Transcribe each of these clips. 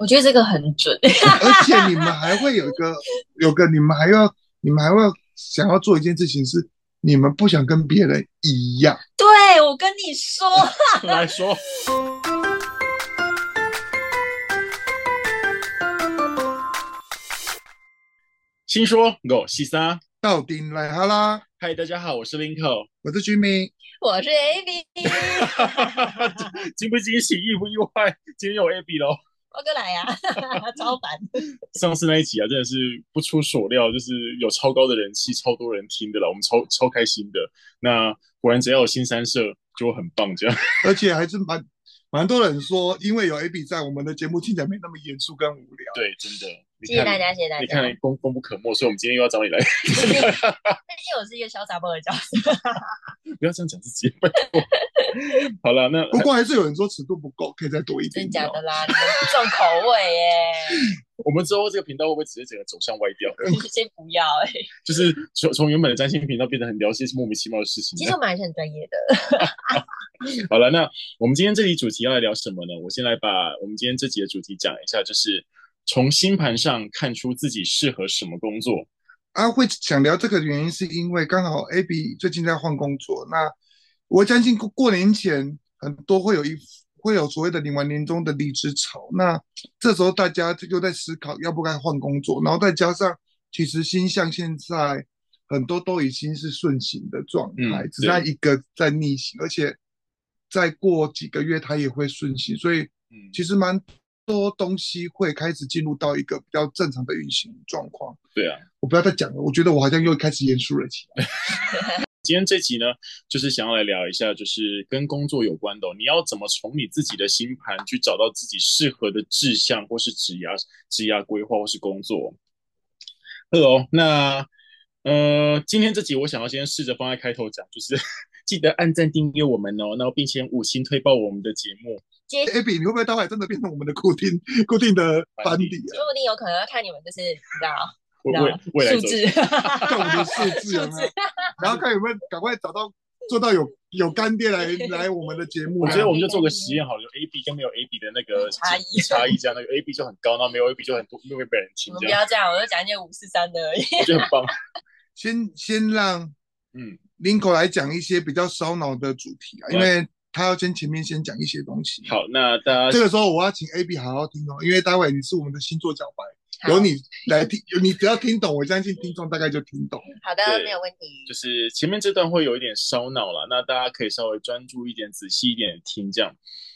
我覺得這個很準，而且你們還會有一個， 有個你們還要，你們還會想要做一件事情，是你們不想跟別人一樣 。對，我跟你說。來說。先說五四三到底來哈、啊、啦。嗨，大家好，我是林口，我是 Jimmy，我是 Abi。哈 驚不驚喜，意不意外？今天有 Abi 嘍。我哥來呀、啊，超煩！ 上次那一集啊，真的是不出所料，就是有超高的人氣，超多人聽的了，我們超超開心的。那果然只要有新三色就會很棒這樣。而且還是蠻蠻多人說，因為有 AB 在，我們的節目聽起來沒那麼嚴肅跟無聊。對，真的。謝謝大家，謝謝大家。你看來功，功功不可沒，所以我們今天又要找你來。哈哈哈，我是一個瀟灑不的教授。不要這樣講自己。拜託 好了，那不過還是有人說尺度不夠，可以再多一點。 真假的啦？你們重口味耶！ 我們之後這個頻道會不會直接整個走向歪掉？先不要、欸、就是從從原本的占星頻道變得很聊些莫名其妙的事情。其實我們還是很專業的。 好了，那我們今天這集主題要來聊什麼呢？我先來把我們今天這集的主題講一下，就是。從星盤上看出自己適合什麼工作，啊，會想聊這個原因是因為剛好 Abby 最近在換工作，那我相信過年前很多會有一會有所謂的領完年終的離職潮，那這時候大家就又在思考要不該換工作，然後再加上其實星象現在很多都已經是順行的狀態，嗯，只在一個在逆行，而且再過幾個月它也會順行，所以其實蠻。多東西會開始進入到一個比較正常的運行狀況。對啊，我不要再講了，我覺得我好像又開始嚴肅了起來。 今天這集呢，就是想要來聊一下，就是跟工作有關的哦，你要怎麼從你自己的星盤去找到自己適合的志向，或是職業、職業規劃，或是工作。Hello，那呃，今天這集我想要先試着放在開頭講，就是記得按讚訂閱我們哦，然後並且五星推爆我們的節目。接 A B，你會不會待會真的變成我們的固定固定的班底，啊？說不定有可能，要看你們，就是知道，知道我我未來字 看我們的數字，啊數字啊，然後看有沒有趕快找到做到有有乾爹來 來我們的節目，啊。所以我們就做個實驗，好了，有 A B 跟沒有 A B 的那個差異差異，這樣那個，A B 就很高，那沒有 A B 就很多因為被人請。我們不要這樣，我就講一件五四三的而已。就 很棒，先先讓嗯林口來講一些比較燒腦的主題啊，因為。他要先前面先講一些東西。好，那大家這個時候我要請 A B 好好聽哦，因為待會你是我們的星座小白，由你來聽，由你只要聽懂，我相信聽眾大概就聽懂。好的，沒有問題。就是前面這段會有一點燒腦了，那大家可以稍微專注一點、仔細一點聽這樣。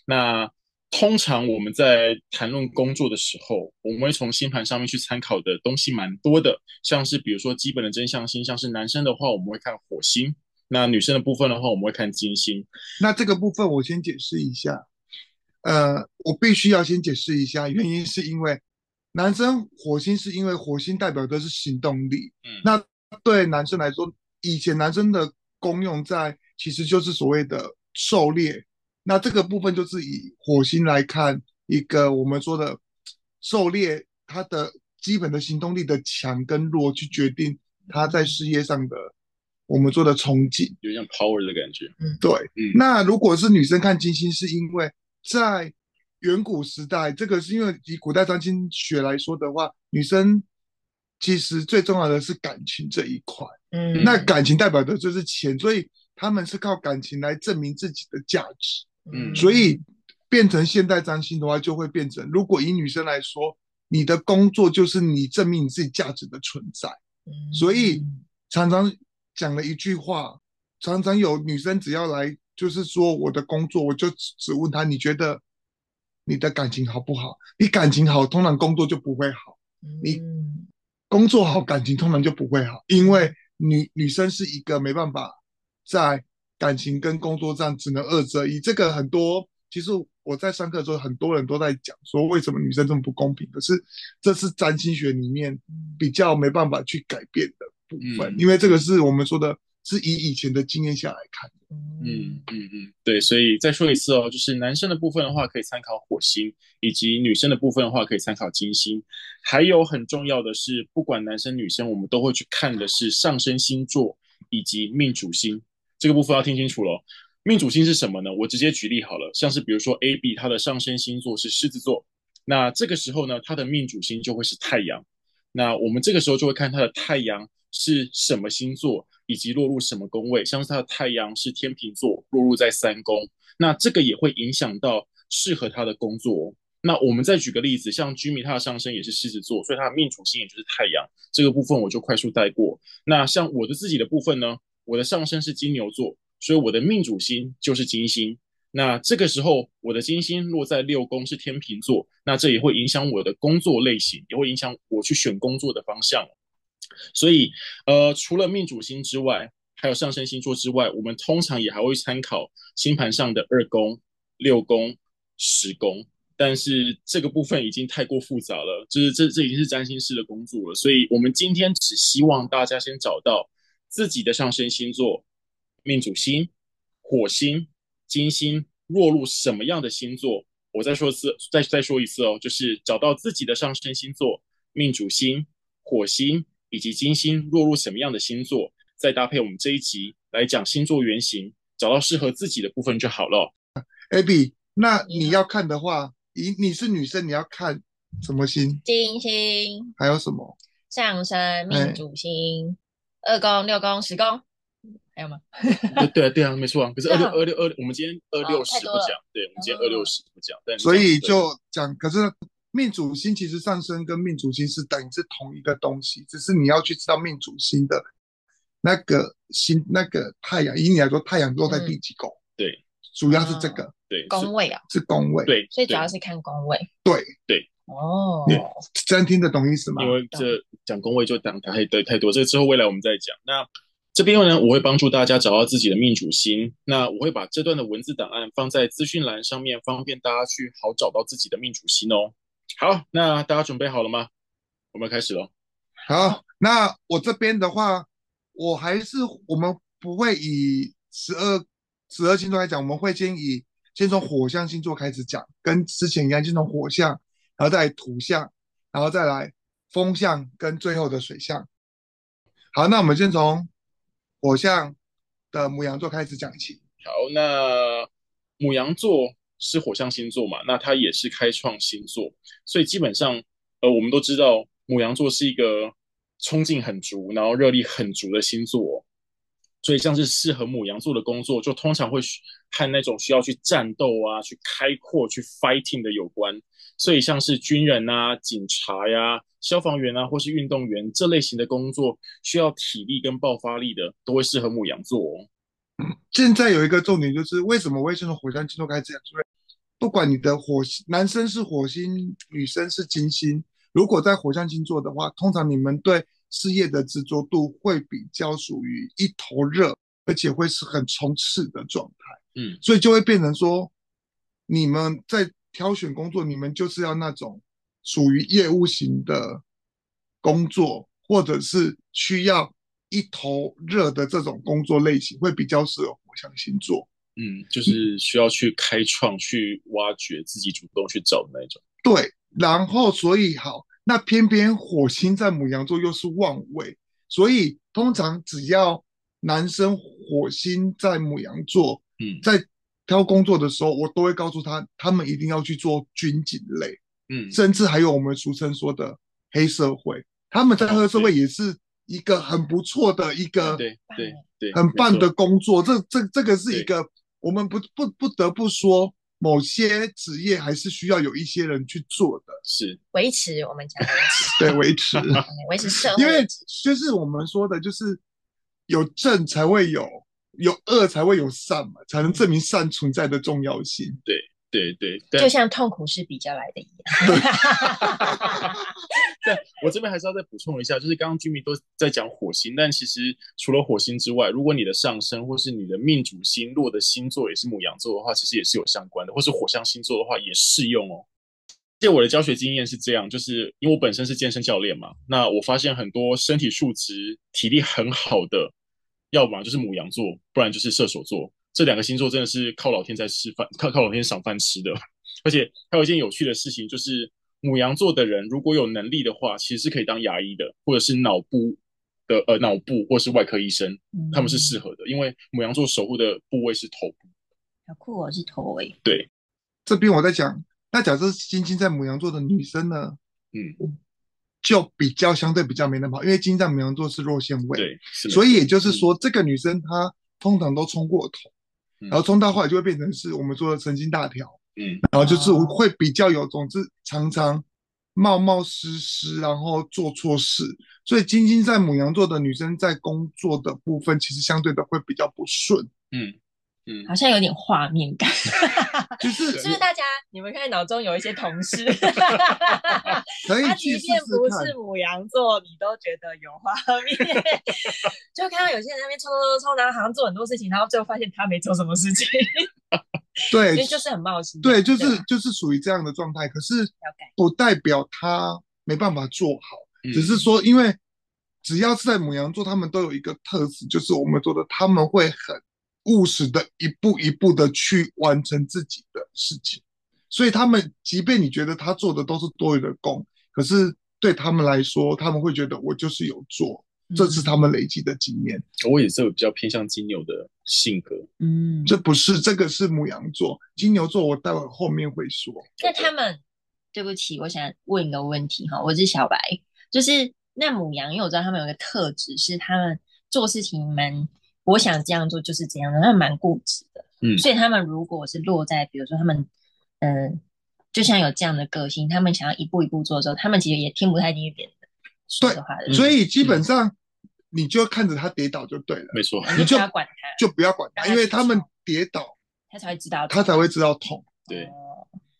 那通常我們在談論工作的時候，我們會從星盤上面去參考的東西蠻多的，像是比如說基本的真相星，像是男生的話，我們會看火星。那女生的部分的話，我們會看金星。那這個部分我先解釋一下，呃，我必須要先解釋一下，原因是因為男生火星是因為火星代表的是行動力。嗯，那對男生來說，以前男生的功用在其實就是所謂的狩獵。那這個部分就是以火星來看一個我們說的狩獵，它的基本的行動力的強跟弱去決定他在事業上的。我們做的憧憬，有點像 power 的感覺。對、嗯。那如果是女生看金星，是因為在遠古時代，這個是因為以古代占星學來說的話，女生其實最重要的是感情這一塊。嗯，那感情代表的就是錢，所以他們是靠感情來證明自己的價值。嗯，所以變成現代占星的話，就會變成如果以女生來說，你的工作就是你證明你自己價值的存在。所以常常。講了一句話，常常有女生只要來，就是說我的工作，我就只只問她，你覺得你的感情好不好？你感情好，通常工作就不會好；你工作好，感情通常就不會好，因為女女生是一個沒辦法在感情跟工作上只能二擇一。這個很多，其實我在上課的時候，很多人都在講說為什麼女生這麼不公平，可是這是占星學裡面比較沒辦法去改變的。部分，因為這個是我們說的、嗯、是以以前的經驗下來看的。嗯嗯嗯，對，所以再說一次哦，就是男生的部分的話可以參考火星，以及女生的部分的話可以參考金星。還有很重要的是，不管男生女生，我們都會去看的是上升星座以及命主星這個部分，要聽清楚咯。命主星是什麼呢？我直接舉例好了，像是比如說 A B，它的上升星座是獅子座，那這個時候呢，它的命主星就會是太陽。那我們這個時候就會看它的太陽。是什麼星座，以及落入什麼宮位。像是他的太陽是天秤座，落入在三宮，那這個也會影響到適合他的工作哦。那我們再舉個例子，像 Jimmy 他的上升也是獅子座，所以他的命主星也就是太陽，這個部分我就快速帶過。那像我的自己的部分呢，我的上升是金牛座，所以我的命主星就是金星。那這個時候我的金星落在六宮是天秤座，那這也會影響我的工作類型，也會影響我去選工作的方向。所以，呃，除了命主星之外，還有上升星座之外，我們通常也還會參考星盤上的二宮、六宮、十宮。但是這個部分已經太過複雜了，就是這這已經是占星師的工作了。所以，我們今天只希望大家先找到自己的上升星座、命主星、火星、金星落入什麼樣的星座。我再說一次，再再說一次哦，就是找到自己的上升星座、命主星、火星。以及金星落入什麼樣的星座，再搭配我們這一集來講星座原型，找到適合自己的部分就好了。Abby，那你要看的話，你你是女生，你要看什麼星？金星。還有什麼？上升命主星，欸、二宮、六宮、十宮，還有嗎？ 對啊，對啊，沒錯、啊。可是二六二六二，我們今天二六十不講。對，我們今天二六十不講、嗯。所以就講，可是。命主星其實，上升跟命主星是等於是同一個東西，只是你要去知道命主星的那個星、那個太陽。以你來說，太陽落在第幾宮？對，主要是這個。哦、對，宮位啊，是宮位對。對，所以主要是看宮位。對對。哦、oh.，真聽得懂意思嗎？因為這講宮位就講太太太多，這個之後未來我們再講。那這邊呢，我會幫助大家找到自己的命主星。那我會把這段的文字檔案放在資訊欄上面，方便大家去好找到自己的命主星哦。好，那大家準備好了嗎？我們開始嘍。好，那我這邊的話，我還是我們不會以十二十二星座來講，我們會先以先從火象星座開始講，跟之前一樣，先從火象，然後再土象，後再象，然後再來風象跟最後的水象。好，那我們先從火象的牡羊座開始講起。好，那牡羊座，是火象星座嘛？那它也是開創星座，所以基本上，呃，我們都知道牡羊座是一個衝勁很足，然後熱力很足的星座，所以像是適合牡羊座的工作，就通常會和那種需要去戰鬥啊、去開闊、去 fighting 的有關。所以像是軍人吶、啊、警察呀、啊、消防員啊，或是運動員這類型的工作，需要體力跟爆發力的，都會適合牡羊座。現在有一個重點就是，為什麼我先從火象星座開始講，因為不管你的火星男生是火星，女生是金星，如果在火象星座的話，通常你們對事業的執着度會比較屬於一頭熱，而且會是很衝刺的狀態。嗯，所以就會變成說，你們在挑選工作，你們就是要那種屬於業務型的工作，或者是需要一頭熱的這種工作類型，會比較適合火象星座。嗯，就是需要去開創、去挖掘自己主動去找的那種。對，然後所以好，那偏偏火星在牡羊座又是旺位，所以通常只要男生火星在牡羊座，嗯，在挑工作的時候，嗯、我都會告訴他，他們一定要去做軍警類，嗯，甚至還有我們俗稱說的黑社會，他們在黑社會也是一個很不錯的一個的，對對對，對，很棒的工作。這這這個是一個。我們不不不得不說，某些職業還是需要有一些人去做的，是維持我們的維持，對維持 維持社會，因為就是我們說的，就是有正才會有有惡才會有善嘛，才能證明善存在的重要性。對。對對對，就像痛苦是比較來的一樣。 但我這邊還是要再補充一下，就是剛剛 Jimmy 都在講火星，但其實除了火星之外，如果你的上升或是你的命主星落的星座也是牡羊座的話，其實也是有相關的，或是火象星座的話也適用哦。借我的教學經驗是這樣，就是因為我本身是健身教練嘛，那我發現很多身體素質、體力很好的，要不然就是牡羊座，不然就是射手座。這兩個星座真的是靠老天在吃飯，靠靠老天賞飯吃的。而且還有一件有趣的事情，就是牡羊座的人如果有能力的話，其實是可以當牙醫的，或者是腦部的呃腦部，或是外科醫生，他們是適合的，因為牡羊座守護的部位是頭部。小酷，我是頭圍。對，這邊我在講，那假設金星在牡羊座的女生呢，嗯，就比較相對比較沒那麼好，因為金星在牡羊座是弱陷位，對，所以也就是說、嗯、這個女生她通常都衝過頭。然後衝到後來就會變成是我們說的神經大條，嗯，然後就是會比較有，啊、總之常常冒冒失失，然後做錯事，所以金星在牡羊座的女生在工作的部分，其實相對的會比較不順，嗯。嗯，好像有點畫面感，就是 是不是大家你們看腦中有一些同事，他即便不是牡羊座，你都覺得有畫面，就看到有些人在那邊衝衝衝衝，然後好像做很多事情，然後最後發現他沒做什麼事情， 對，就對，對、啊，就是很冒險，對，就是就是屬於這樣的狀態，可是不代表他沒辦法做好，Okay. 只是說因為只要是在牡羊座，他們都有一個特質，就是我們做的他們會很。務實的，一步一步的去完成自己的事情，所以他們，即便你覺得他做的都是多餘的功，可是對他們來說，他們會覺得我就是有做，這是他們累積的經驗，嗯。我也是有比較偏向金牛的性格，嗯，這不是這個是牡羊座，金牛座，我待會後面會說。那他們，對不起，我想問一個問題哈，我是小白，就是那牡羊，因為我知道他們有一個特質是他們做事情蠻。我想這樣做就是這樣的，他蠻固執的，嗯，所以他們如果是落在，比如說他們，嗯、呃，就像有這樣的個性，他們想要一步一步做的時候，他們其實也聽不太進去別人，對，的話，所以基本上你就看着他跌倒就對了，沒、嗯、錯，你就不要管他 你就不要管他，就不要管他，因為他們跌倒，他才會知道，他才會知道痛，知道痛，對，對，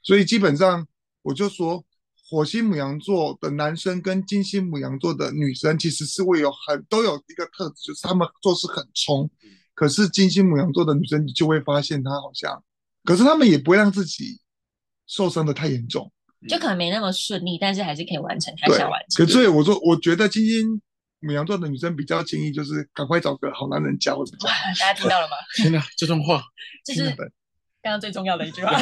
所以基本上我就說。火星牡羊座的男生跟金星牡羊座的女生，其實是會有很都有一個特質，就是他們做事很衝。可是金星牡羊座的女生，你就會發現她好像，可是他們也不會讓自己受傷的太嚴重，就可能沒那麼順利，嗯，但是還是可以完成。還是要完成，可是我說，我覺得金星牡羊座的女生比較建議，就是趕快找個好男人嫁。大家聽到了嗎？聽 啦，這種話這 是剛剛最重要的一句話。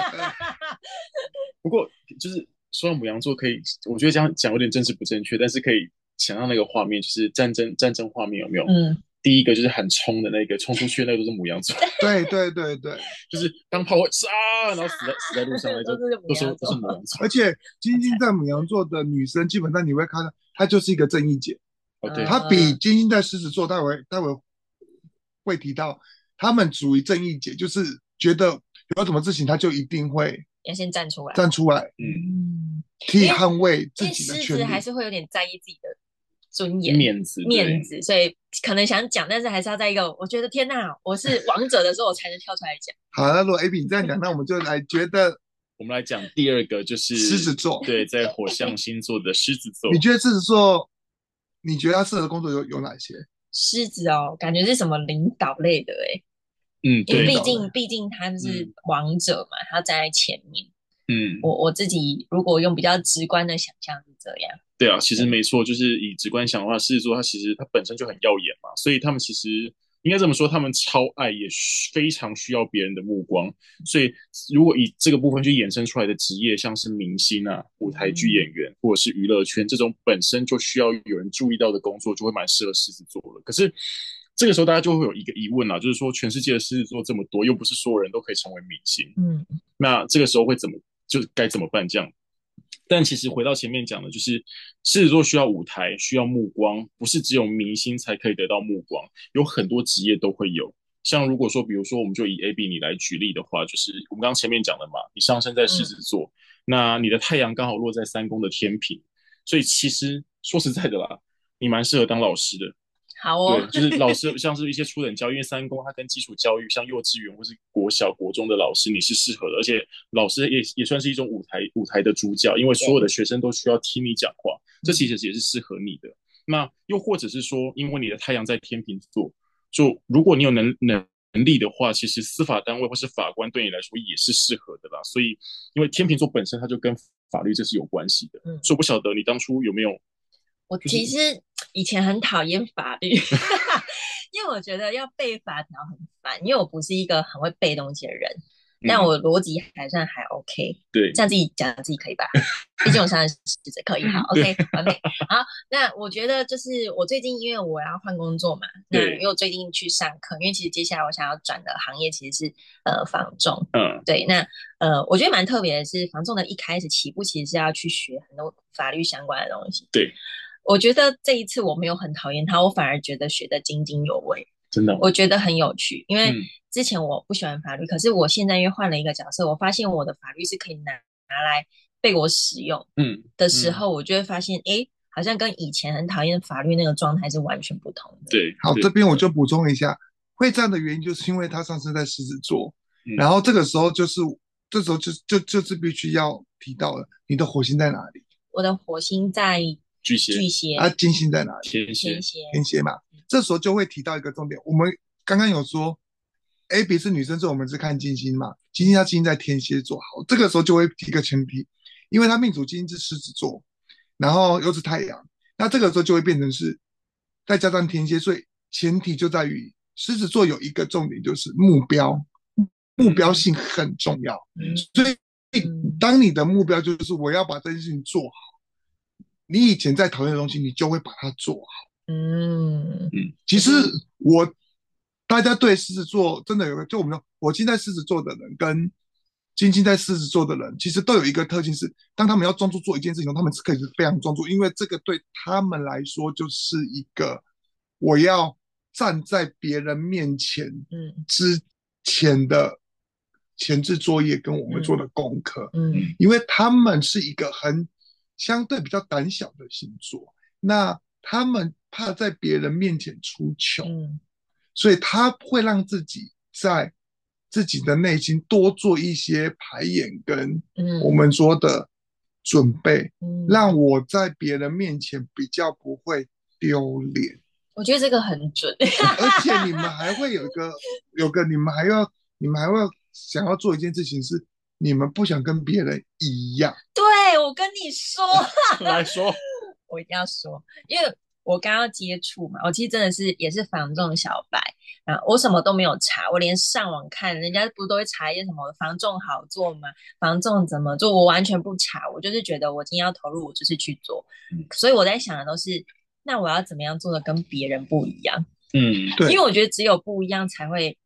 不過就是。雖然牡羊座可以，我覺得這樣講有點政治不正確，但是可以想到那個畫面，就是戰爭戰爭畫面有沒有？嗯，第一個就是很衝的那個衝出去，那個都是牡羊座。 對對對對，就是當炮灰，殺，然後死在 死在路上，那 就是是都，說都是都是牡羊座。而且金星在牡羊座的女生，基本上你會看到她就是一個正義姐。啊、她比金星在獅子座，待會待會會提到，她們屬於正義姐，就是覺得有什麼事情，她就一定會要先站出來，站出來，嗯。可以捍衛自己的確實、欸、還是會有點在意自己的尊嚴面子面子，所以可能想講，但是還是要在一個我覺得天哪、啊，我是王者的時候，我才能跳出來講。 好、啊、那如果 A B 你這樣講， 那我們就來覺得我們來講第二個就是獅子座，對，在火象星座的獅子座。 你覺得獅子座？你覺得他適合工作有有哪些？獅子哦，感覺是什麼領導類的哎、欸，嗯，對因為畢竟畢竟他是王者嘛，嗯、他站在前面。嗯，我我自己如果用比較直觀的想象是這樣。對啊對，其實沒錯，就是以直觀想的話，獅子座它其實它本身就很耀眼嘛，所以他們其實應該這麼說，他們超愛，也非常需要別人的目光，嗯。所以如果以這個部分去衍生出來的職業，像是明星啊、舞台劇演員，嗯，或者是娛樂圈這種本身就需要有人注意到的工作，就會蠻適合獅子座了。可是。這個時候大家就會有一個疑問啊，就是說全世界的獅子座這麼多，又不是所有人都可以成為明星，嗯，那這個時候會怎麼就該怎麼辦這樣？但其實回到前面講的，就是獅子座需要舞台，需要目光，不是只有明星才可以得到目光，有很多職業都會有。像如果說，比如說我們就以 A B 你來舉例的話，就是我們剛剛前面講的嘛，你上升在獅子座，嗯，那你的太陽剛好落在三宮的天平，所以其實說實在的啦，你蠻適合當老師的。好哦，對，就是老師，像是一些初等教育，因為三宮它跟基礎教育，像幼稚園或是國小、國中的老師，你是適合的。而且老師也也算是一種舞台，舞台的主角，因為所有的學生都需要聽你講話。嗯，這其實也是適合你的。那又或者是說，因為你的太陽在天秤座，就如果你有能能力的話，其實司法單位或是法官對你來說也是適合的啦。所以，因為天秤座本身它就跟法律這是有關係的，嗯，所以不曉得你當初有沒有。我其實以前很討厭法律，因為我覺得要背法條很煩，因為我不是一個很會背東西的人，但我邏輯還算還 OK，嗯。對，這樣自己講自己可以吧？畢竟我上次試可以好 OK，OK 好，那我覺得就是我最近因為我要換工作嘛，那因為我最近去上課，因為其實接下來我想要轉的行業其實是呃房仲。嗯，對，那呃我覺得蠻特別的是，房仲的一開始起步其實是要去學很多法律相關的東西。對。我覺得這一次我沒有很討厭他，我反而覺得學得津津有味，真的，我覺得很有趣。因為之前我不喜歡法律，嗯、可是我現在因為換了一個角色，我發現我的法律是可以拿拿來被我使用，嗯，的時候我就會發現，哎、嗯，好像跟以前很討厭的法律那個狀態是完全不同的對對。對，好，這邊我就補充一下，會這樣的原因，就是因為他上升在獅子座、嗯，然後這個時候就是這時候就就這次、就是、必須要提到了，你的火星在哪裡？我的火星在。巨蟹，巨蟹啊，金星在哪裡？天蠍，天蠍嘛。這時候就會提到一個重點，我們剛剛有說，哎，比是女生座，這我們是看金星嘛，金星它，金星在天蠍座，好，這個時候就會提一個前提，因為他命主星是獅子座，然後又是太陽，那這個時候就會變成是再加上天蠍，所以前提就在於獅子座有一個重點就是目標，目標性很重要，嗯，所以當你的目標就是我要把這件事情做好。你以前在討厭的東西，你就會把它做好。嗯，其實我大家對獅子座真的有個，就我們說，火星在獅子座的人跟金星在獅子座的人，其實都有一個特性是，當他們要專注做一件事情，他們是可以非常專注，因為這個對他們來說就是一個我要站在別人面前之前的前置作業跟我們做的功課。嗯，因為他們是一個很，相對比較膽小的星座，那他們怕在別人面前出糗，嗯，所以他會讓自己在自己的內心多做一些排演跟我們說的準備，嗯嗯，讓我在別人面前比較不會丟臉。我覺得這個很準，而且你們還會有一個 有一個你們還要你們還會想要做一件事情是你們不想跟別人一樣。對。哎，我跟你說， 來說，我一定要說，因為我剛要接觸嘛，我其實真的是也是房仲小白，啊，我什麼都沒有查，我連上網看，人家不都會查一些什麼房仲好做嗎？房仲怎麼做？我完全不查，我就是覺得我今天要投入，我就是去做，嗯、所以我在想的都是，那我要怎麼樣做的跟別人不一樣？嗯，對，因為我覺得只有不一樣才會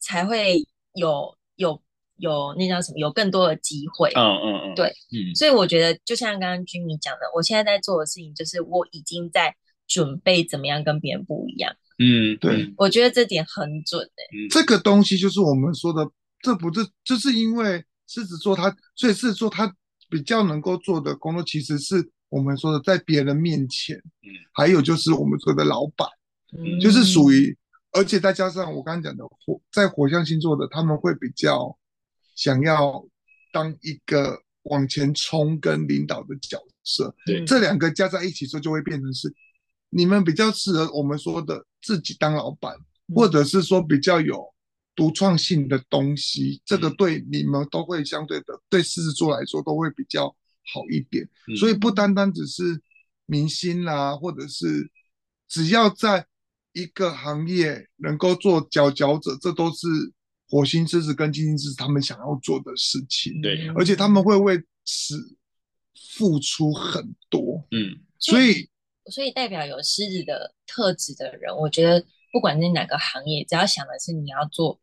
才會有有。有那叫什麼？有更多的機會。嗯嗯嗯。對。嗯。所以我覺得，就像剛剛君你講的，我現在在做的事情，就是我已經在準備怎麼樣跟別人不一樣。嗯，嗯，對。我覺得這點很準誒、欸嗯。這個東西就是我們說的，這不是，這、就是因為獅子座他所以是說他比較能夠做的工作，其實是我們說的在別人面前。嗯。還有就是我們說的老板，嗯、就是屬於，而且再加上我剛剛講的火在火象星座的，他們會比較。想要當一個往前衝跟領導的角色，這兩個加在一起說就會變成是你們比較適合我們說的自己當老闆，或者是說比較有獨創性的東西。這個對你們都會相對的，對獅子座來說都會比較好一點。所以不單單只是明星啦，啊，或者是只要在一個行業能夠做佼佼者，這都是。火星獅子跟金星獅子他們想要做的事情，對，而且他們會為此付出很多，嗯，所以所以代表有獅子的特質的人，我覺得，不管在哪個行業，只要想的是你要做，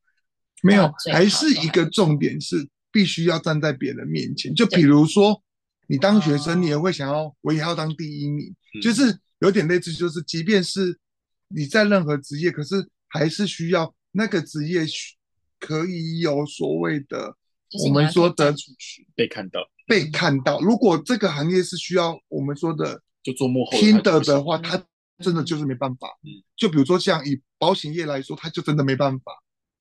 沒有，還，還是一個重點是必須要站在別人面前。就比如說，你當學生，你也會想要，我也要當第一名，嗯，就是有點類似，就是即便是你在任何職業，可是還是需要那個職業需。可以有所謂的，我們說的出去被看到，被看到。如果這個行業是需要我們說的就做幕後聽得的話，他真的就是沒辦法。就比如說像以保險業來說，他就真的沒辦法。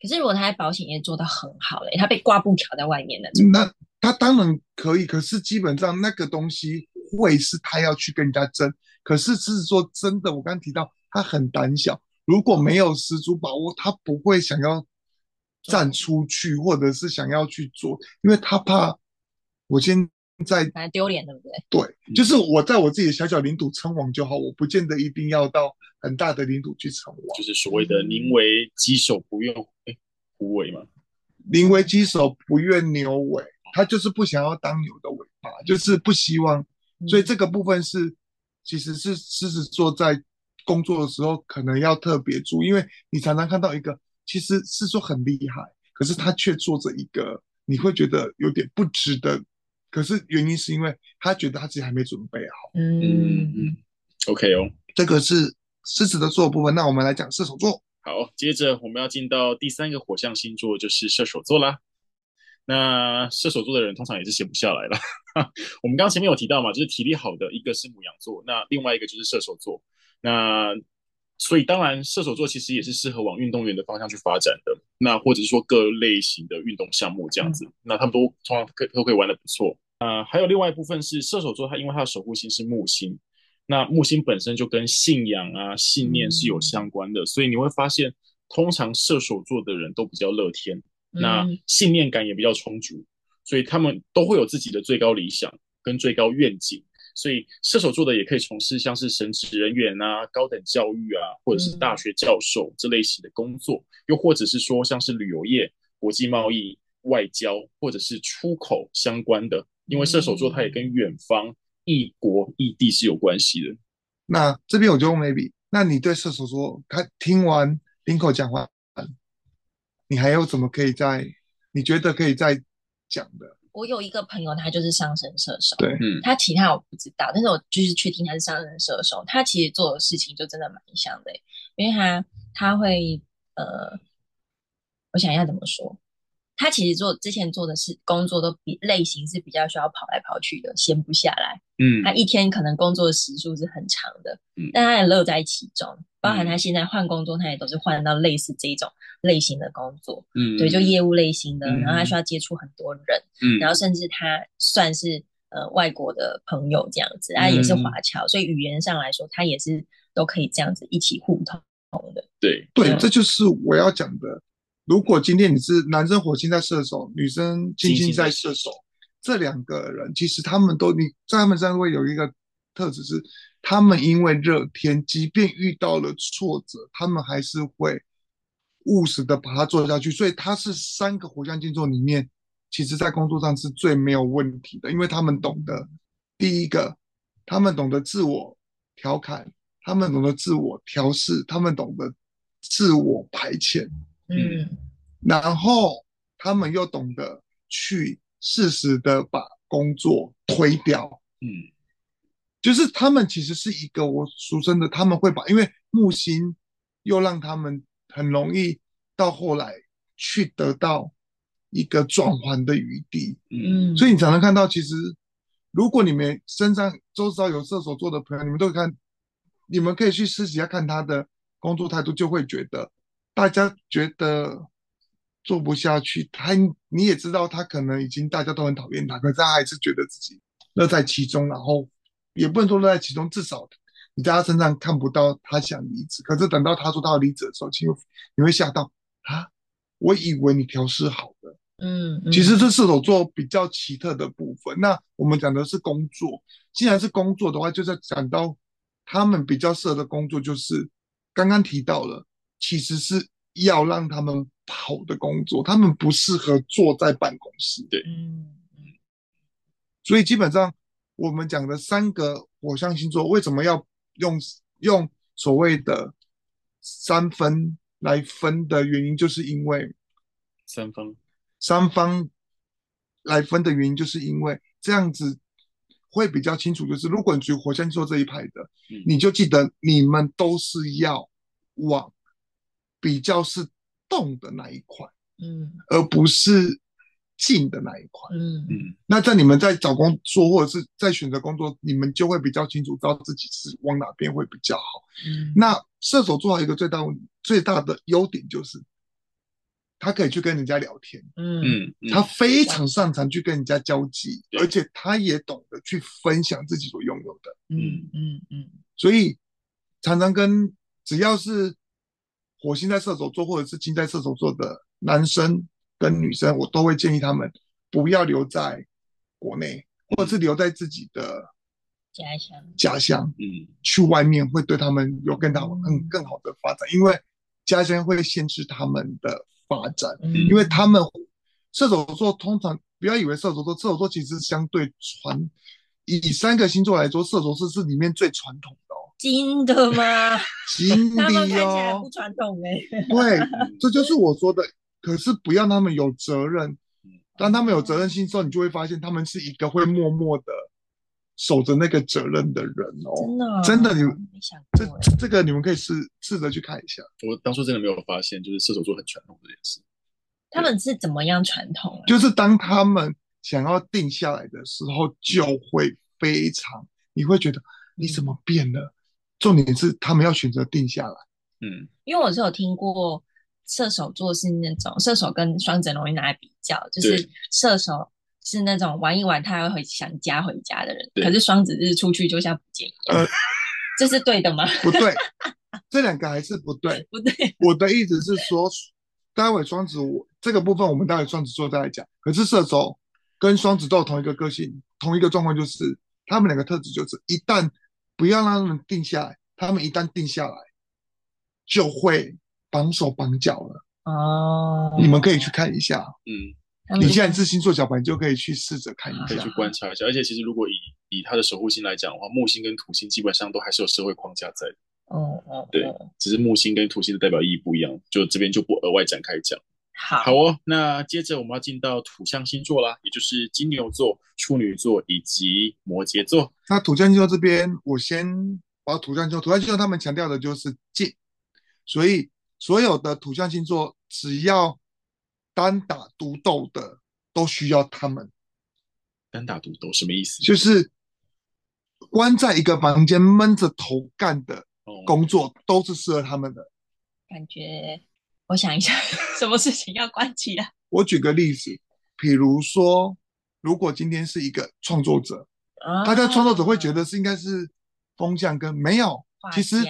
可是如果他在保險業做得很好嘞，他被掛布條在外面的。那他當然可以，可是基本上那個東西會是他要去跟人家爭。可是是說真的，我剛剛提到他很膽小，如果沒有十足把握，他不會想要。站出去，或者是想要去做，因為他怕我現在丟臉，對不對？對，就是我在我自己的小小領土稱王就好，我不見得一定要到很大的領土去稱王。就是所謂的“寧為雞首，不願胡尾”嘛，“寧為雞首，不願牛尾”，他就是不想要當牛的尾巴，嗯、就是不希望、嗯。所以這個部分是，其實是獅子座在工作的時候可能要特別注意，因為你常常看到一個。其實是說很厲害，可是他卻做着一個你會覺得有點不值得，可是原因是因為他覺得他自己還沒準備好。嗯，嗯，OK 哦，這個是獅子的座部分，那我們來講射手座。好，接着我們要進到第三個火象星座，就是射手座啦。那射手座的人通常也是閒不下來了。 我們剛剛前面有提到嘛，就是體力好的一個是牡羊座，那另外一個就是射手座。那所以當然，射手座其實也是適合往運動員的方向去發展的。那或者是說各類型的運動項目這樣子，嗯、那他們都通常可都可以玩得不錯。啊、呃，還有另外一部分是射手座，它因為它的守護星是木星，那木星本身就跟信仰啊、信念是有相關的。嗯、所以你會發現，通常射手座的人都比較樂天，那信念感也比較充足，所以他們都會有自己的最高理想跟最高願景。所以射手座的也可以從事像是神職人員啊、高等教育啊，或者是大學教授這類型的工作，嗯、又或者是說像是旅遊業、國際貿易、外交或者是出口相關的，因為射手座他也跟遠方、異國、異地是有關係的。那這邊我就問 Maybe，那你對射手座他聽完 Linko 講話，你還有什麼可以再，你覺得可以再講的？我有一個朋友，他就是上升射手。對、嗯，他其他我不知道，但是我就是確定他是上升射手。他其實做的事情就真的蠻像的、欸，因為他他會呃，我想一下怎麼說。他其實做之前做的事，工作，都比，類型，比類型是比較需要跑來跑去的，閒不下來。嗯，他一天可能工作的時數是很長的。嗯、但他也樂在其中。包含他現在換工作，他也都是換到類似這種類型的工作，嗯，對，就業務類型的。嗯、然後他需要接觸很多人，嗯，然後甚至他算是呃外國的朋友這樣子，他、嗯啊、也是華僑，所以語言上來說，他也是都可以這樣子一起互通的。對對，這就是我要講的。如果今天你是男生火星在射手，女生金星在射手，這兩個人其實他們都你在他們身上有一個特質是，他們因為熱天，即便遇到了挫折，他們還是會務實的把它做下去。所以他是三個火象星座裡面，其實在工作上是最沒有問題的，因為他們懂得第一個，他們懂得自我調侃，他們懂得自我調試，他們懂得自我排遣，嗯，然後他們又懂得去適時的把工作推掉，嗯。就是他們其實是一個我俗稱的。他們會把，因為木星又讓他們很容易到後來去得到一個轉圜的餘地，嗯，所以你常常看到，其實如果你們身上周遭有射手座的朋友，你們都會看，你們可以去私底下看他的工作態度，就會覺得大家覺得做不下去，他你也知道他可能已經大家都很討厭他，可是他還是覺得自己樂在其中，然後。也不能說樂在其中，至少你在他身上看不到他想離職。可是等到他說他要離職的時候，其實你會嚇到啊！我以為你調試好了，嗯，嗯，其實這射手座比較奇特的部分。那我們講的是工作，既然是工作的話，就在講到他們比較適合的工作，就是剛剛提到了，其實是要讓他們跑的工作，他們不適合坐在辦公室。對，嗯，所以基本上。我們講的三個火象星座為什麼要用用所謂的三分來分的原因，就是因為三分三方來分的原因，就是因為這樣子會比較清楚。就是如果你去火象星座這一派的、嗯，你就記得你們都是要往比較是動的那一款，嗯，而不是。近的那一塊，嗯嗯，那在你們在找工作或者是在選擇工作，你們就會比較清楚，知道自己是往哪邊會比較好。嗯，那射手座還有一個最大最大的優點就是，他可以去跟人家聊天，嗯嗯，他非常擅長去跟人家交際，嗯嗯，而且他也懂得去分享自己所擁有的，嗯嗯嗯、嗯。所以常常跟只要是火星在射手座或者是金在射手座的男生，跟女生，我都會建議他們不要留在國內，嗯，或者是留在自己的家鄉。家鄉，嗯，去外面會對他們有更大、更、嗯、更好的發展，因為家鄉會限制他們的發展。嗯，因為他們射手座通常不要以為射手座，射手座其實相對傳，以三個星座來說，射手座是，是裡面最傳統的哦。金的嗎？金 的理哦， 不傳統誒。對，這就是我說的。 可是不要讓他們有責任，當他們有責任心之後，你就會發現他們是一個會默默的守着那個責任的人哦。真的，真的你，你這這個你們可以試試着去看一下。我當初真的沒有發現，就是射手座很傳統這件事。他們是怎麼樣傳統、啊？就是當他們想要定下來的時候，就會非常、嗯，你會覺得你怎麼變了。嗯、重點是他們要選擇定下來。嗯，因為我是有聽過。射手座是那種射手跟雙子容易拿來比較，就是射手是那種玩一玩，他還會想家回家的人，可是雙子就是出去就像不見。呃，這是對的嗎？不對， 這兩個還是不對。不對，我的意思是說，待會雙子，我這個部分我們待會雙子座再來講。可是射手跟雙子都是同一個個性，同一個狀況，就是他們兩個特質就是一旦不要讓他們定下來，他們一旦定下來就會。綁手綁腳了哦，你們可以去看一下。嗯，你現在是星座小白，你就可以去試着看一下，嗯，可以去觀察一下。而且，其實如果以以他的守護星來講的話，木星跟土星基本上都還是有社會框架在。哦哦，對哦，只是木星跟土星的代表意義不一樣，就這邊就不額外展開講。好，好哦。那接着我們要進到土象星座啦，也就是金牛座、處女座以及摩羯座。那土象星座這邊，我先把土象星座，土象星座他們強調的就是金，所以。所有的土象星座，只要單打獨鬥的，都需要他們。單打獨鬥什麼意思？就是關在一個房間悶着頭幹的工作，都是適合他們的。感覺，我想一下，什麼事情要關起來。我舉個例子，比如說，如果今天是一個創作者，大家創作者會覺得是應該是風象跟沒有，其實。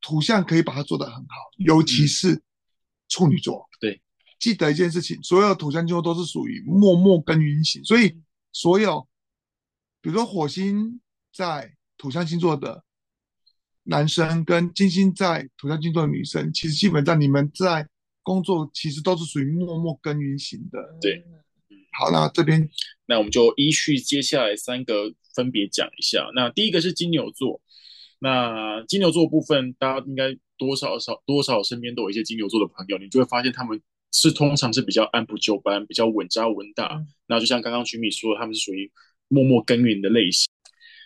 土象可以把它做得很好，尤其是處女座。嗯、對，記得一件事情，所有的土象星座都是屬於默默耕耘型，所以所有，比如說火星在土象星座的男生跟金星在土象星座的女生，其實基本上你們在工作其實都是屬於默默耕耘型的。對，好，那這邊。那我們就依序接下來三個分別講一下。那第一個是金牛座。那金牛座部分，大家應該多少少多少身邊都有一些金牛座的朋友，你就會發現他們是通常是比較按部就班，比較穩紮穩打，、嗯。那就像剛剛徐米說，他們是屬於默默耕耘的類型，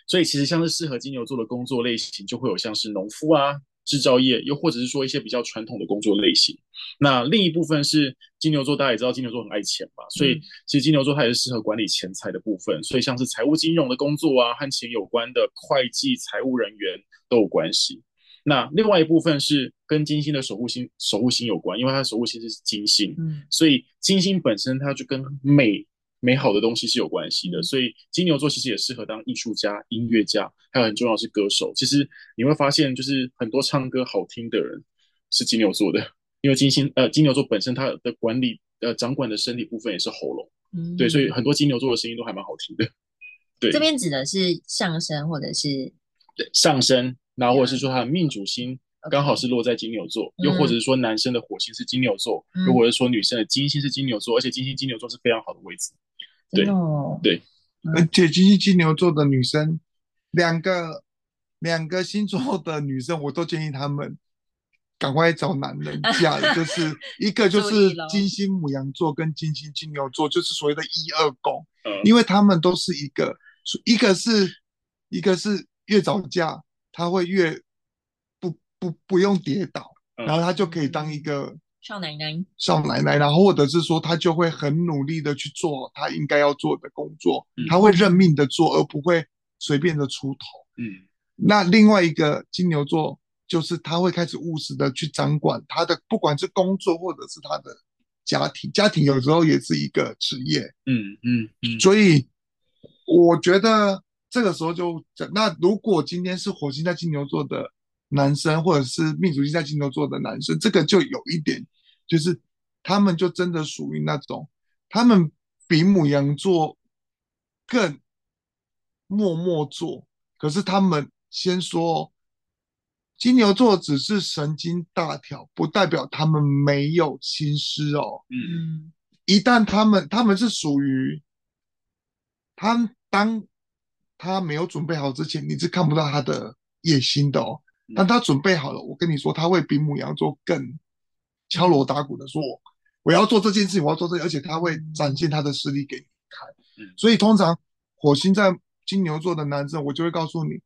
所以其實像是適合金牛座的工作類型，就會有像是農夫啊、製造業，又或者是說一些比較傳統的工作類型。那另一部分是金牛座，大家也知道金牛座很愛錢嘛、嗯，所以其實金牛座它也是適合管理錢財的部分。所以像是財務、金融的工作啊，和錢有關的會計、財務人員都有關係。那另外一部分是跟金星的守護星、守護星有關，因為它的守護星是金星、嗯，所以金星本身它就跟美。美好的東西是有關係的，所以金牛座其實也適合當藝術家、音樂家，還有很重要的是歌手。其實你會發現，就是很多唱歌好聽的人是金牛座的，因為金星呃，金牛座本身它的管理呃掌管的身體部分也是喉嚨嗯嗯，對，所以很多金牛座的聲音都還蠻好聽的。對，這邊指的是上升或者是對上升，然後或者是說他的命主星剛好是落在金牛座、Yeah. Okay. 嗯，又或者是說男生的火星是金牛座、嗯，如果是說女生的金星是金牛座，而且金星金牛座是非常好的位置。對、哦、對，而且、嗯、金星金牛座的女生，兩個兩個星座的女生，我都建議她們趕快找男人嫁。 就是一個就是金星牡羊座跟金星金牛座，就是所謂的一二宮，嗯、因為他們都是一個，一個是一個是越早嫁，他會越不不不用跌倒，嗯、然後他就可以當一個。少奶奶，少奶奶，然後或者是說，他就會很努力的去做他應該要做的工作，他、嗯、會認命的做，而不會隨便的出頭。嗯，那另外一個金牛座，就是他會開始務實的去掌管他的，不管是工作或者是他的家庭，家庭有時候也是一個職業。嗯嗯，嗯，所以我覺得這個時候就，那如果今天是火星在金牛座的男生，或者是命主星在金牛座的男生，這個就有一點。就是他們就真的屬於那種，他們比牡羊座更默默做，可是他們先說金牛座只是神經大條，不代表他們沒有心思哦。嗯，一旦他們他們是屬於他當他沒有準備好之前，你是看不到他的野心的哦。當他準備好了，我跟你說他會比牡羊座更，敲鑼打鼓的說：“我要做這件事情，我要做這件事，而且他會展現他的實力給你看。嗯。所以通常火星在金牛座的男生，我就會告訴你，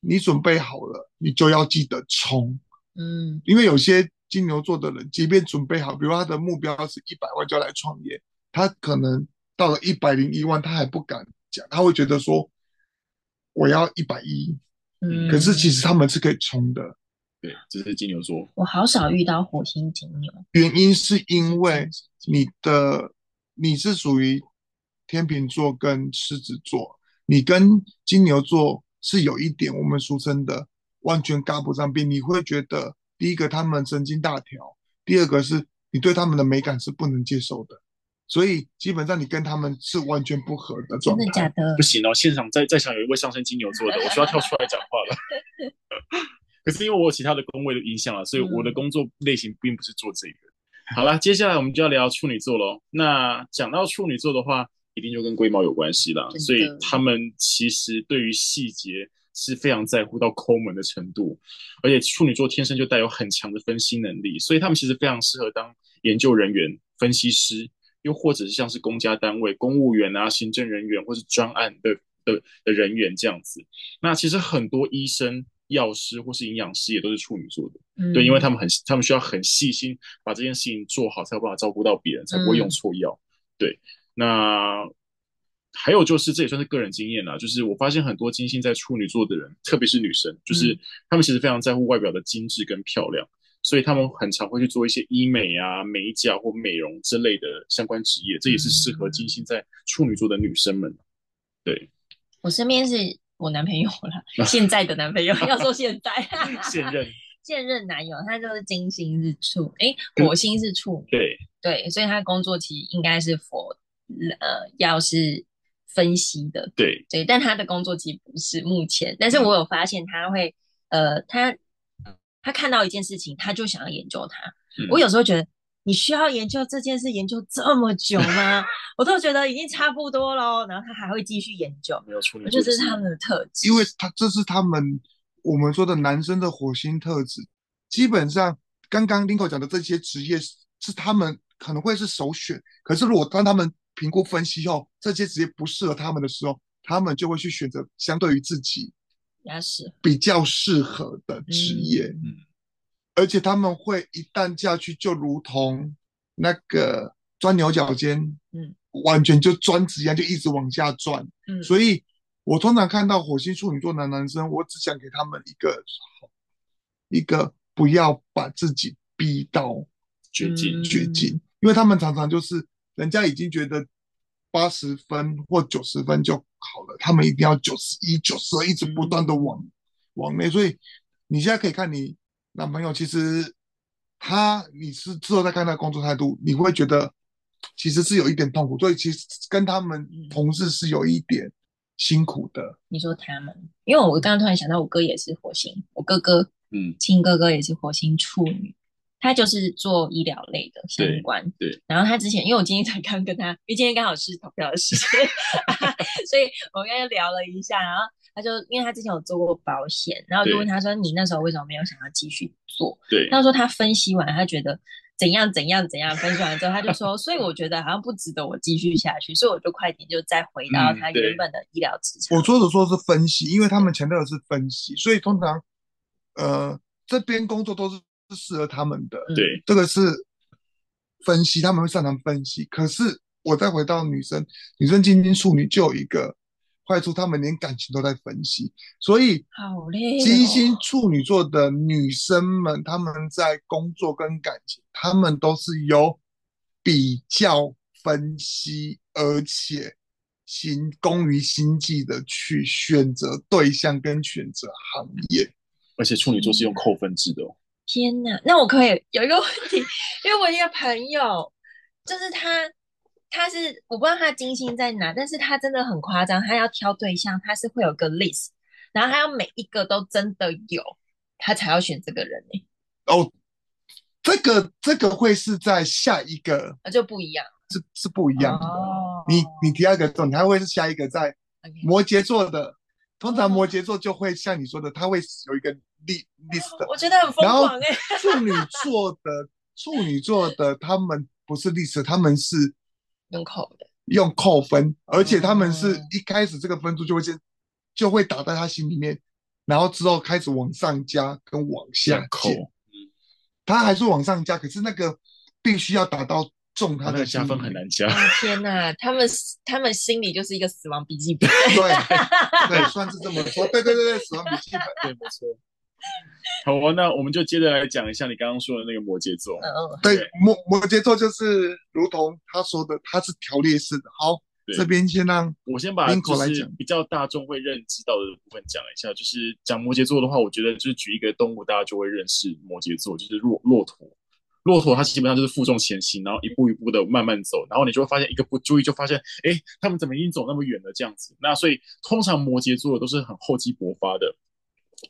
你準備好了，你就要記得衝。嗯，因為有些金牛座的人，即便準備好，比如他的目標是一百萬就來創業，他可能到了一百零一萬，他還不敢講，他會覺得說我要一百一。嗯，可是其實他們是可以衝的。”對，這是金牛座。我好少遇到火星金牛，原因是因為你的你是屬於天秤座跟獅子座，你跟金牛座是有一點我們俗稱的完全搭不上邊。你會覺得，第一個他們神經大條，第二個是你對他們的美感是不能接受的，所以基本上你跟他們是完全不合的狀態。真的假的？不行哦，現場在在場有一位上升金牛座的， 我需要跳出來講話了。 可是因為我有其他的宮位的影響了，所以我的工作類型並不是做這個。嗯、好啦，接下來我們就要聊處女座嘍。那講到處女座的話，一定就跟龜毛有關係啦。所以他們其實對於細節是非常在乎到摳門的程度，而且處女座天生就帶有很強的分析能力，所以他們其實非常適合當研究人員、分析師，又或者是像是公家單位、公務員啊、行政人員，或是專案的的的人員這樣子。那其實很多醫生。藥師或是營養師也都是處女座的。嗯，對，因為他們很，他們需要很細心，把這件事情做好，才有辦法照顧到別人。嗯，才不會用錯藥。對，那還有就是，這也算是個人經驗啦，就是我發現很多金星在處女座的人，特別是女生，就是嗯、他們其實非常在乎外表的精緻跟漂亮，所以他們很常會去做一些醫美啊、美甲或美容之類的相關職業，這也是適合金星在處女座的女生們。嗯。對，我身邊是。我男朋友了，現在的男朋友 要說現在 現任現任男友，他就是金星是處，誒，火星是處、嗯，對對，所以他工作其實應該是佛，呃，要是分析的，對對，但他的工作其實不是目前，但是我有發現他會，嗯、呃，他他看到一件事情，他就想要研究它、嗯，我有時候覺得。你需要研究這件事研究這麼久嗎？ 我都覺得已經差不多咯。然後他還會繼續研究，沒有錯，這是他們的特質。因為他這是他們我們說的男生的火星特質。嗯。基本上，剛剛 Linko 講的這些職業是他們可能會是首選。可是如果當他們評估分析後，這些職業不適合他們的時候，他們就會去選擇相對於自己比較適合的職業。嗯。嗯而且他們會一旦下去，就如同那個鑽牛角尖，嗯，完全就鑽子一樣，就一直往下鑽。嗯，所以我通常看到火星處女座的男生，我只想給他們一個好，一個不要把自己逼到絕境，嗯，絕境，因為他們常常就是人家已經覺得八十分或九十分就好了，他們一定要九十一、九十二，一直不斷的往，嗯，往內。所以你現在可以看你。男朋友，其實他你是之後再看他的工作態度，你會覺得其實是有一點痛苦，所以其實跟他們同事是有一點辛苦的。你說他們，因為我剛剛突然想到，我哥也是火星，我哥哥，嗯，親哥哥也是火星處女。他就是做醫療類的相關，對，對。然後他之前，因為我今天才剛跟他，因為今天剛好是投票的時間， 所以我們剛才聊了一下。然後他就，因為他之前有做過保險，然後就問他說：“你那時候為什麼沒有想要繼續做？”對。他說他分析完，他覺得怎樣怎樣怎樣，怎樣分析完之後他就說：“ 所以我覺得好像不值得我繼續下去，所以我就快點就再回到他原本的醫療職場。嗯”我或者說是分析，因為他們強調的是分析，所以通常呃這邊工作都是。是適合他們的，對，這個是分析，他們會擅長分析。可是我再回到女生，女生金星處女就有一個壞處，他們連感情都在分析，所以好累。金星處女座的女生們、哦，他們在工作跟感情，他們都是有比較分析，而且工於心計的去選擇對象跟選擇行業，而且處女座是用扣分制的、哦。天吶，那我可以有一個問題，因為我一個朋友，就是他，他是我不知道他金星在哪，但是他真的很誇張，他要挑對象，他是會有個 list，然後他要每一個都真的有，他才要選這個人哎、欸。哦、oh,，這個這個會是在下一個，啊就不一樣，是是不一樣哦。Oh. 你你第二個座，你還會是下一個在摩羯座的。Okay. 通常摩羯座就會像你說的，他、嗯、會有一個 list、哎。我覺得很瘋狂、欸。然後處女座的 處女座的，他們不是 list，他們是用扣的，用扣分，而且他們是一開始這個分數就會先就會打在他心裡面，然後之後開始往上加跟往下扣。嗯，他還是往上加，可是那個必須要達到。送他的、啊、那個加分很難加。天哪，他們他們心裡就是一個死亡筆記本。 對，對，算是這麼說。對對對對， 死亡筆記本，對，沒錯。好啊，那我們就接着來講一下你剛剛說的那個摩羯座。嗯、哦哦、對，對摩摩羯座就是如同他說的，他是條列式的。好，這邊先讓我先，我先把就是比較大眾會認知到的部分講一下。就是講摩羯座的話，我覺得就是舉一個動物，大家就會認識摩羯座，就是駱駱駝。駱駝它基本上就是負重前行，然後一步一步的慢慢走，然後你就會發現一個不注意就發現，哎，他們怎麼已經走那麼遠了這樣子？那所以通常摩羯座的都是很厚積薄發的，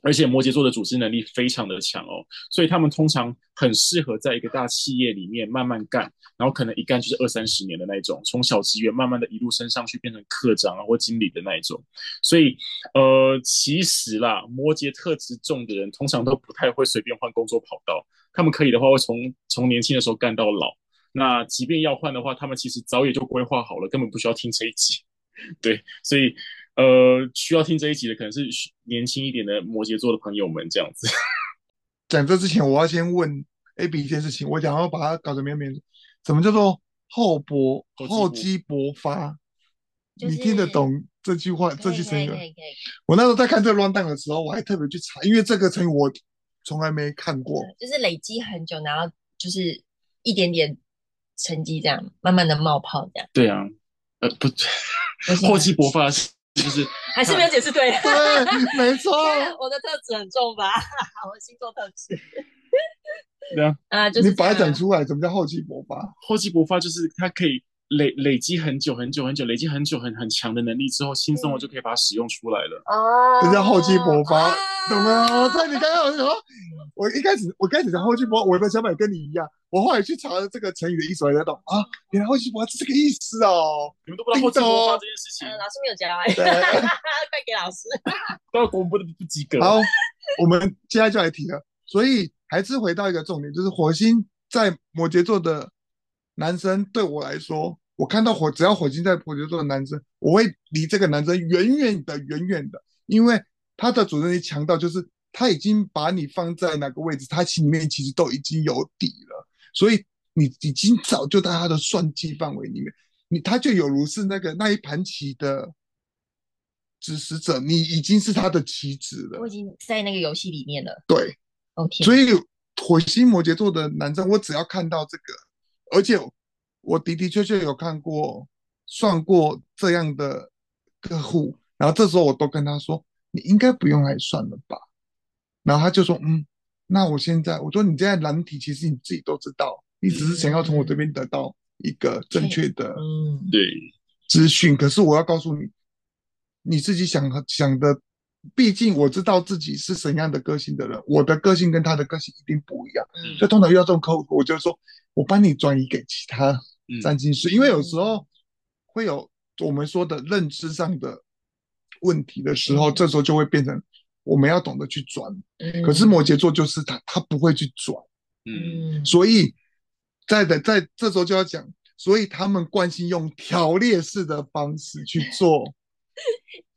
而且摩羯座的組織能力非常的強哦，所以他們通常很適合在一個大企業裡面慢慢幹，然後可能一幹就是二三十年的那種，從小職員慢慢的，一路升上去變成課長啊或經理的那種。所以呃，其實啦，摩羯特質重的人通常都不太會隨便換工作跑道。他們可以的話，會從從年輕的時候幹到老。那即便要換的話，他們其實早也就規劃好了，根本不需要聽這一集。對，所以呃，需要聽這一集的可能是年輕一點的摩羯座的朋友們這樣子。講這之前，我要先問 A B、欸、一件事情，我想要把它搞成什麼怎麼叫做厚薄厚積薄發、就是？你聽得懂這句話可以可以可以這句成語嗎？可以可以可以。我那時候在看這個亂彈的時候，我還特別去查，因為這個成語我。從來沒看過，嗯、就是累積很久，然後就是一點點成績這樣，慢慢的冒泡這樣。對啊，呃，不，厚積、就是啊、 薄發是就是還是沒有解釋對的？ 對，沒錯， 我的特質很重吧？我星座特質。對啊，啊、 嗯就是，你把它講出來怎麼叫厚積薄發？厚積薄發就是它可以。累累積很久很久很久，累積很久很很強的能力之後，輕鬆了，就可以把它使用出來了。哦、嗯，這叫厚積薄發，懂嗎？在、啊、你剛剛，我一開始我開始講厚積薄發，我原本想法跟你一樣。我後來去查了這個成語的意思，我才懂啊，原來厚積薄發是這個意思哦。你們都不知道厚積薄發這件事情，啊、老師沒有講教啊。對 快給老師， 到不然我們不不及格。好， 我們現在就來提了。所以還是回到一個重點，就是火星在摩羯座的。男生對我來說，我看到火，只要火星在摩羯座的男生，我會離這個男生遠遠的，遠遠的、遠遠的，因為他的主人力強到，就是他已經把你放在哪個位置，他心裡面其實都已經有底了，所以你已經早就在他的算計範圍裡面，你他就有如是那個那一盤棋的指使者，你已經是他的棋子了。我已經在那個遊戲裡面了。對，Okay. 所以火星摩羯座的男生，我只要看到這個。而且，我的的確確有看過、算過這樣的客戶，然後這時候我都跟他說：“你應該不用來算了吧？”然後他就說：“嗯，那我現在，我說你現在難題其實你自己都知道，你只是想要從我這邊得到一個正確的對資訊，可是我要告訴你，你自己想想的。”畢竟我知道自己是怎樣的個性的人，我的個性跟他的個性一定不一樣，嗯、所以通常遇到這種客戶，我就說，我幫你轉移給其他占星師，因為有時候會有我們說的認知上的問題的時候，嗯、這時候就會變成我們要懂得去轉、嗯。可是摩羯座就是他，他不會去轉，嗯，所以在的在這時候就要講，所以他們慣性用條列式的方式去做。嗯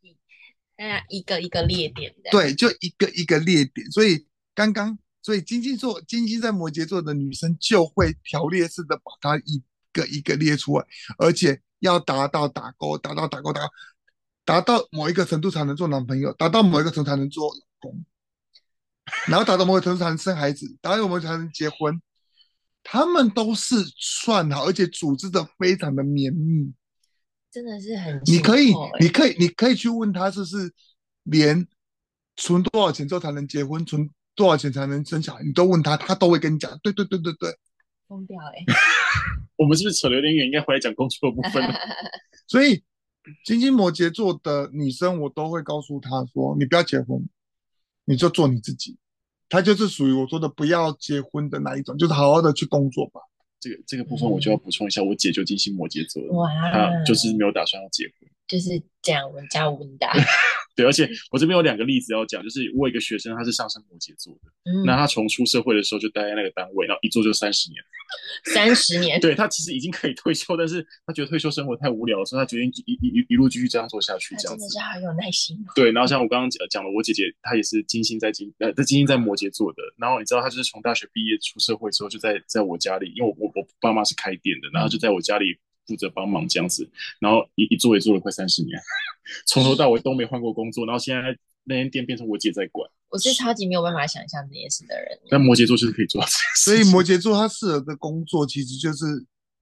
一個一個列點的，對，就一個一個列點，所以剛剛，所以金星座、金星在摩羯座的女生就會條列式的把她一個一個列出來，而且要達到打勾，達到打勾打勾，達到某一個程度才能做男朋友，達到某一個程度才能做老公， 然後達到某一個程度才能生孩子，達到某個程度才能結婚，他們都是算好，而且組織的非常的綿密。真的是很、欸，你可以，你可以，你可以去問他，就是連存多少錢之後才能結婚，存多少錢才能生小孩，你都問他，他都會跟你講。對對對對對，瘋掉欸。 我們是不是扯得有點遠？應該回來講工作的部分。 所以，金星摩羯座的女生，我都會告訴她說，你不要結婚，你就做你自己。她就是屬於我說的不要結婚的那一種，就是好好的去工作吧。這個這個部分我就要補充一下，嗯、我姐就金星摩羯座的，哇、啊、就是沒有打算要結婚，就是這樣溫家文達。 對，而且我這邊有兩個例子要講，就是我有一個學生，他是上升摩羯座的，嗯，那他從出社會的時候就待在那個單位，然後一做就三十年，三 十年，對他其實已經可以退休，但是他覺得退休生活太無聊了，所以他決定一、一、一一路繼續這樣做下去，這樣子，真的是好有耐心。對，然後像我剛剛講講了，我姐姐她也是金星在金呃，她金星在摩羯座的，然後你知道她就是從大學畢業出社會之後，就在在我家裡，因為我我我爸媽是開店的，然後就在我家裡，嗯。負責幫忙這樣子，然後一,一做也做了快三十年，從頭到尾都沒換過工作。然後現在那間店變成我姐在管，我是超級沒有辦法想象這件事的人。但摩羯座就是可以做這 所以摩羯座他適合的工作其實就是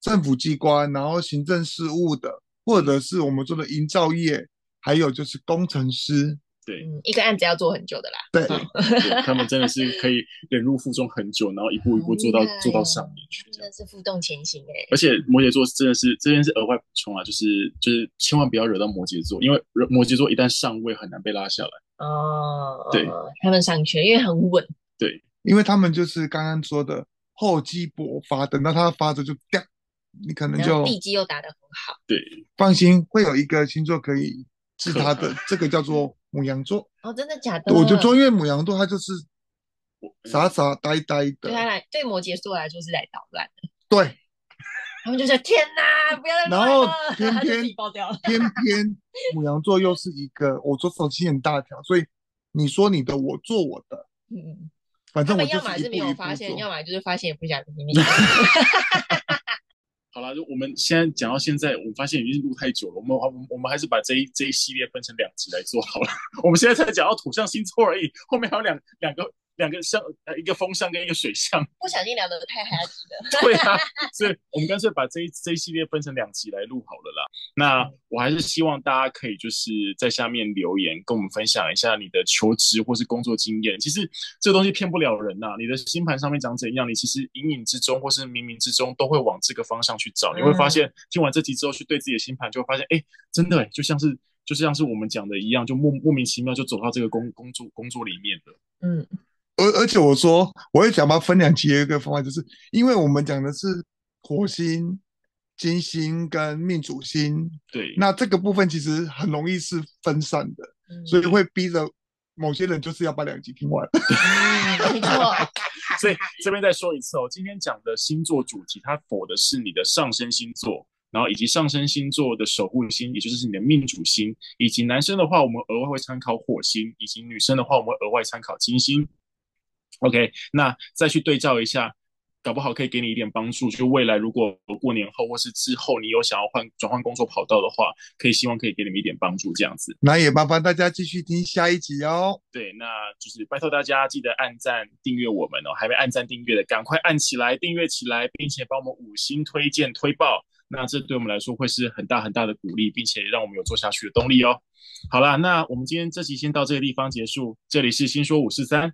政府機關，然後行政事務的，或者是我們做的營造業，還有就是工程師。對，嗯，一個案子要做很久的啦。對，對 對他們真的是可以忍辱負重很久，然後一步一步做到、哦、做到上面去。真的是負重前行。誒，而且摩羯座真的是這邊是額外補充啊，就是就是千萬不要惹到摩羯座，因為摩羯座一旦上位很難被拉下來。哦，對，他們上去了，因為很穩。對，因為他們就是剛剛說的厚積薄發，等到他發着就掉，你可能就可能地基又打得很好。對，放心，會有一個星座可以治他的，這個叫做。牡羊座哦，真的假的？對我就得，因為牡羊座他就是傻傻呆呆的，對他來對摩羯座來說是來搗亂的。對，他們就說：“天哪，不要再！” 然後偏偏爆掉了，偏偏牡羊座又是一個我做事情很大條，所以你說你的，我做我的，嗯 反正我就一步一步要麼是沒有發現， 要麼就是發現也不想哈哈哈哈哈。 好啦，就我們現在講到現在，我發現已經錄太久了。我們，我，我們還是把這一這一系列分成兩集來做好了。 我們現在才講到土象星座而已，後面還有兩兩個。兩個像呃，一個風向跟一個水向，不小心聊得不太嗨皮的。 對啊，所以我們乾脆把這一這一系列分成兩集來錄好了啦。那我還是希望大家可以就是在下面留言，跟我們分享一下你的求職或是工作經驗。其實這個東西騙不了人呐、啊。你的星盤上面長怎樣，你其實隱隱之中或是冥冥之中都會往這個方向去找。嗯、你會發現聽完這集之後，去對自己的星盤就會發現，哎、欸，真的、欸、就像是就像是我們講的一樣，就莫莫名其妙就走到這個工工作工作裡面的。嗯。而而且我說，我也講到分兩集的一個方案，就是因為我們講的是火星、金星跟命主星，對，那這個部分其實很容易是分散的，所以會逼着某些人就是要把兩集聽完。 所以這邊再說一次哦，今天講的星座主題，它走的是你的上升星座，然後以及上升星座的守護星，也就是你的命主星，以及男生的話，我們額外會參考火星，以及女生的話，我們額外參考金星。OK，那再去對照一下，搞不好可以給你一點幫助。就未來如果過年後或是之後你有想要換轉換工作跑道的話，可以希望可以給你們一點幫助這樣子。那也麻煩大家繼續聽下一集哦。對，那就是拜託大家記得按讚訂閱我們哦。還沒按讚訂閱的，趕快按起來訂閱起來，並且幫我們五星推薦推爆。那這對我們來說會是很大很大的鼓勵，並且讓我們有做下去的動力哦。好啦，那我們今天這集先到這個地方結束。這裡是新說五四三。